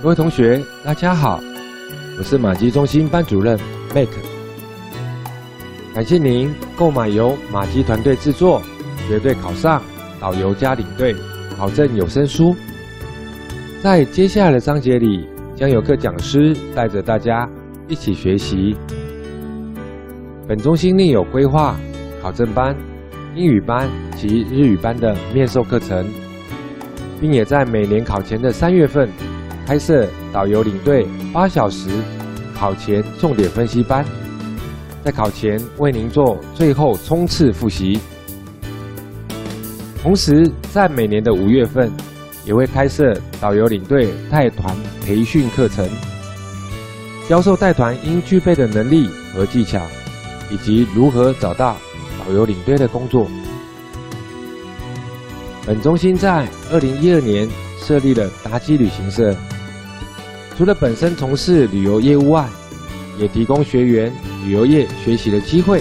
各位同學，大家好，我是馬跡中心班主任 Mac。感謝您購買由馬跡團隊製作《絕對考上導遊加領隊考證有聲書》。在接下來的章節裡，將由各講師帶着大家一起學習。本中心另有規劃考證班、英語班及日語班的面授課程，並也在每年考前的三月份。開設導遊領隊八小時考前重點分析班，在考前為您做最後衝刺複習。同時，在每年的五月份，也會開設導遊領隊帶團培訓課程，教授帶團應具備的能力和技巧，以及如何找到導遊領隊的工作。本中心在二零一二年設立了達基旅行社。除了本身從事旅遊業務外，也提供學員旅遊業學習的機會，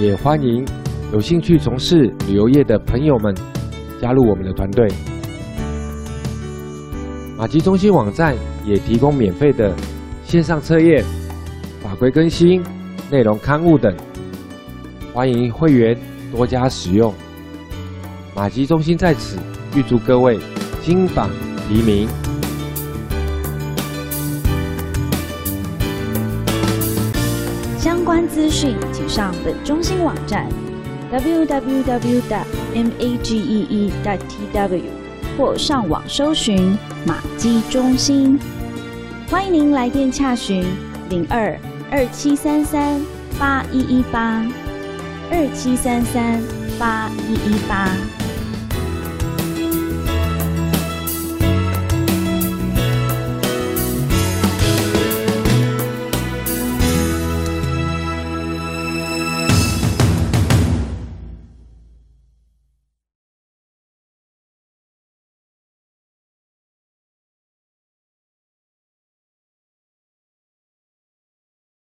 也歡迎有興趣從事旅遊業的朋友們加入我們的團隊。馬跡中心網站也提供免費的線上測驗、法規更新、內容刊物等，歡迎會員多加使用。馬跡中心在此預祝各位金榜題名。相關資訊，請上本中心網站 www.magee.tw 或上網搜尋馬跡中心。歡迎您來電洽詢零二二七三三八一一八二七三三八一一八。